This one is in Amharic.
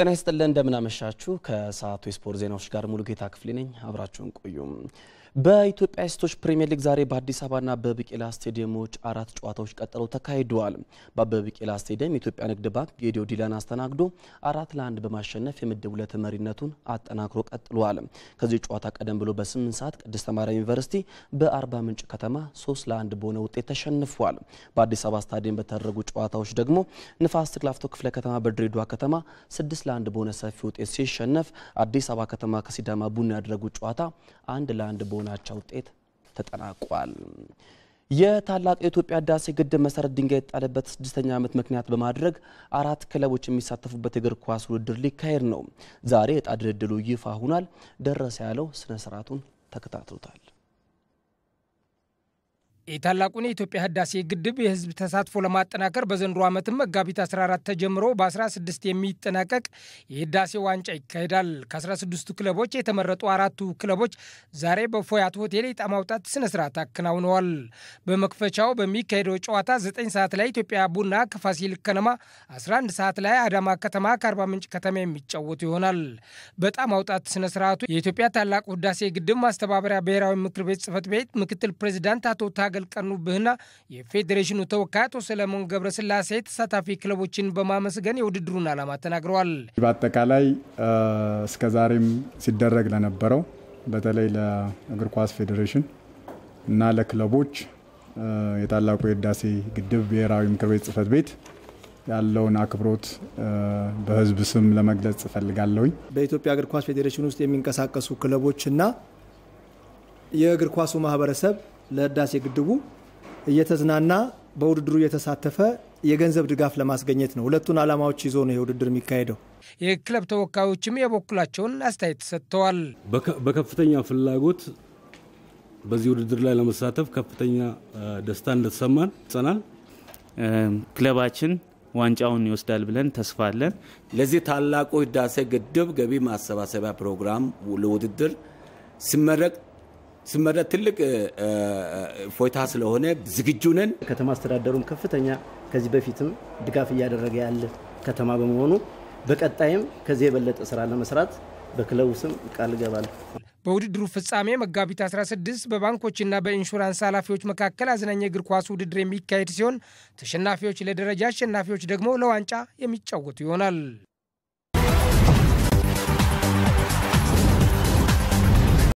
ጤና ይስጥልን እንደምናመሻችሁ። ከሰዓቱ የስፖርት ዜናዎች ጋር ሙሉ ጌታ ክፍሌ ነኝ። አብራችሁን ቆዩ በኢትዮጵያ ሴቶች ፕሪሚየር ሊግ ዛሬ በአዲስ አበባና በብቄላ ስቴዲየሞች አራት ጨዋታዎች ቀጥለው ተካሂደዋል። በአበበ ቢቄላ ስቴዲየም የኢትዮጵያ ንግድ ባንክ ጌዲዮ ዲላን አስተናግዶ አራት ለአንድ በማሸነፍ የምድብ ሁለት መሪነቱን አጠናክሮ ቀጥሏል። ከዚህ ጨዋታ ቀደም ብሎ በስምንት ሰዓት ቅድስተ ማርያም ዩኒቨርሲቲ በአርባ ምንጭ ከተማ ሶስት ለአንድ በሆነ ውጤት ተሸንፏል። በአዲስ አበባ ስታዲየም በተደረጉ ጨዋታዎች ደግሞ ንፋስ ስልክ ላፍቶ ክፍለ ከተማ በድሬዳዋ ከተማ ስድስት ለአንድ በሆነ ሰፊ ውጤት ሲሸነፍ አዲስ አበባ ከተማ ከሲዳማ ቡና ያደረጉት ጨዋታ አንድ ለአንድ በሆናቸው ውጤት ተጠናቋል። የታላቅ የኢትዮጵያ ህዳሴ ግድብ መሰረት ድንጋይ የጣለበት ስድስተኛ ዓመት ምክንያት በማድረግ አራት ክለቦች የሚሳተፉበት የእግር ኳስ ውድድር ሊካሄድ ነው። ዛሬ የዕጣ ድልድሉ ይፋ ሆኗል። ደረሰ ያለው ስነ ስርዓቱን ተከታትሎታል። የታላቁን የኢትዮጵያ ህዳሴ ግድብ የህዝብ ተሳትፎ ለማጠናከር በዘንድሮ ዓመትም መጋቢት 14 ተጀምሮ በ16 የሚጠናቀቅ የህዳሴ ዋንጫ ይካሄዳል። ከ16ቱ ክለቦች የተመረጡ አራቱ ክለቦች ዛሬ በፎያት ሆቴል የዕጣ ማውጣት ስነ ስርዓት አከናውነዋል። በመክፈቻው በሚካሄደው ጨዋታ 9 ሰዓት ላይ ኢትዮጵያ ቡና ከፋሲል ከነማ፣ 11 ሰዓት ላይ አዳማ ከተማ ከአርባ ምንጭ ከተማ የሚጫወቱ ይሆናል። በዕጣ ማውጣት ስነ ስርዓቱ የኢትዮጵያ ታላቁ ህዳሴ ግድብ ማስተባበሪያ ብሔራዊ ምክር ቤት ጽህፈት ቤት ምክትል ፕሬዚዳንት አቶ ታገ መታገል ቀኑብህና የፌዴሬሽኑ ተወካይ አቶ ሰለሞን ገብረስላሴ ተሳታፊ ክለቦችን በማመስገን የውድድሩን ዓላማ ተናግረዋል። በአጠቃላይ እስከዛሬም ሲደረግ ለነበረው በተለይ ለእግር ኳስ ፌዴሬሽን እና ለክለቦች የታላቁ የህዳሴ ግድብ ብሔራዊ ምክር ቤት ጽህፈት ቤት ያለውን አክብሮት በህዝብ ስም ለመግለጽ እፈልጋለሁኝ። በኢትዮጵያ እግር ኳስ ፌዴሬሽን ውስጥ የሚንቀሳቀሱ ክለቦችና የእግር ኳሱ ማህበረሰብ ለህዳሴ ግድቡ እየተዝናና በውድድሩ እየተሳተፈ የገንዘብ ድጋፍ ለማስገኘት ነው። ሁለቱን ዓላማዎች ይዞ ነው የውድድር የሚካሄደው። የክለብ ተወካዮችም የበኩላቸውን አስተያየት ሰጥተዋል። በከፍተኛ ፍላጎት በዚህ ውድድር ላይ ለመሳተፍ ከፍተኛ ደስታ እንደተሰማን ይጸናል። ክለባችን ዋንጫውን ይወስዳል ብለን ተስፋ አለን። ለዚህ ታላቁ ህዳሴ ግድብ ገቢ ማሰባሰቢያ ፕሮግራም ለውድድር ሲመረቅ ስመረጥ ትልቅ ፎይታ ስለሆነ ዝግጁ ነን። ከተማ አስተዳደሩም ከፍተኛ ከዚህ በፊትም ድጋፍ እያደረገ ያለ ከተማ በመሆኑ በቀጣይም ከዚህ የበለጠ ስራ ለመስራት በክለቡ ስም ቃል ገባል። በውድድሩ ፍጻሜ መጋቢት 16 በባንኮችና በኢንሹራንስ ኃላፊዎች መካከል አዝናኝ የእግር ኳስ ውድድር የሚካሄድ ሲሆን ተሸናፊዎች ለደረጃ አሸናፊዎች ደግሞ ለዋንጫ የሚጫወቱ ይሆናል።